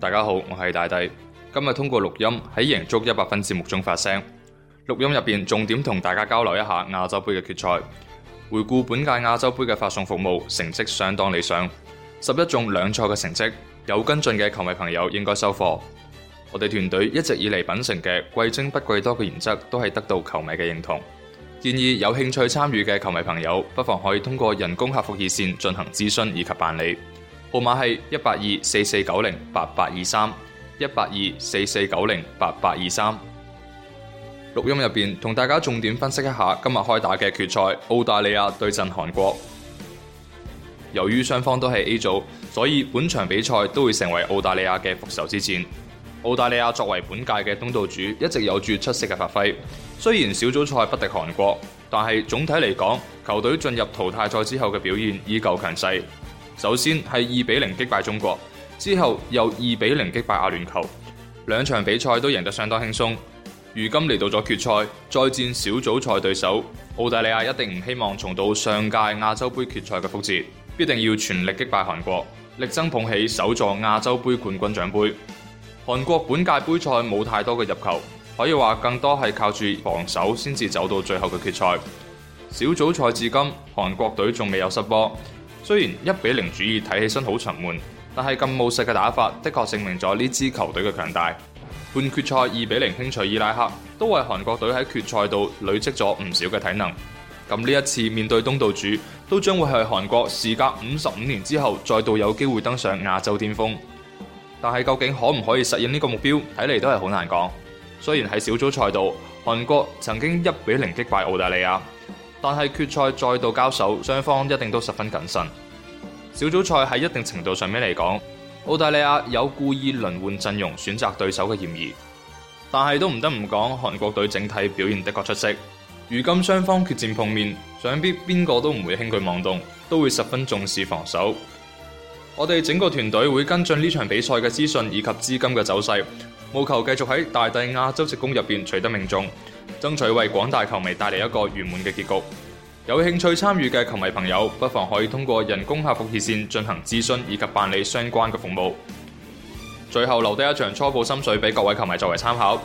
大家好，我係大帝。今日通過錄音喺贏足一百分節目中發聲。錄音入邊重點同大家交流一下亞洲盃嘅決賽。回顧本屆亞洲盃嘅發送服務，成績相當理想。十一中兩賽嘅成績，有跟進嘅球迷朋友應該收貨。我哋團隊一直以嚟秉承嘅貴精不貴多嘅原則，都係得到球迷嘅認同。建議有興趣參與嘅球迷朋友，不妨可以通過人工客服熱線進行諮詢以及辦理。號碼係一八二四四九零八八二三一八二四四九零八八二三。錄音入邊同大家重點分析一下今日開打嘅決賽，澳大利亞對陣韓國。由於雙方都係 A 組，所以本場比賽都會成為澳大利亞嘅復仇之戰。澳大利亞作為本屆嘅東道主，一直有住出色嘅發揮。雖然小組賽不敵韓國，但係總體嚟講，球隊進入淘汰賽之後嘅表現依舊強勢。首先係二比零擊敗中國，之後又二比零擊敗阿聯酋，兩場比賽都贏得相當輕鬆。如今嚟到咗決賽，再戰小組賽對手澳大利亞，一定唔希望重蹈上屆亞洲杯決賽嘅覆轍，必定要全力擊敗韓國，力爭捧起首座亞洲杯冠軍獎杯。韓國本屆杯賽冇太多嘅入球，可以話更多係靠住防守先至走到最後嘅決賽。小組賽至今，韓國隊仲未有失波，雖然一比零主義，睇起身好沉悶，但係咁務實嘅打法的確證明咗呢支球隊嘅強大。半決賽二比零輕取伊拉克，都為韓國隊喺決賽度累積咗唔少嘅體能。咁呢一次面對東道主，都將會係韓國時隔五十五年之後再度有機會登上亞洲巔峰。但係究竟可唔可以實現呢個目標，睇嚟都係好難講。雖然喺小組賽度，韓國曾經一比零擊敗澳大利亞。但係決賽再度交手，雙方一定都十分謹慎。小組賽喺一定程度上面嚟講，澳大利亞有故意輪換陣容、選擇對手嘅嫌疑，但係都唔得唔講韓國隊整體表現的確出色。如今雙方決戰碰面，想必邊個都唔會輕舉妄動，都會十分重視防守。我哋整個團隊會跟進呢場比賽嘅資訊以及資金嘅走勢。務求繼續喺大帝亞洲直攻入邊取得命中，爭取為廣大球迷帶嚟一個圓滿嘅結局。有興趣參與嘅球迷朋友，不妨可以通過人工客服熱線進行諮詢以及辦理相關嘅服務。最後留低一場初步心水俾各位球迷作為參考。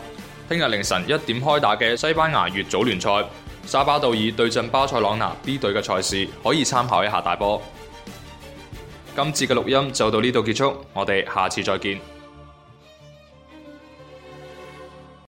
聽日凌晨一點開打嘅西班牙乙組聯賽，沙巴道爾對陣巴塞隆拿 B 隊嘅賽事，可以參考一下大波。今次嘅錄音就到呢度結束，我哋下次再見。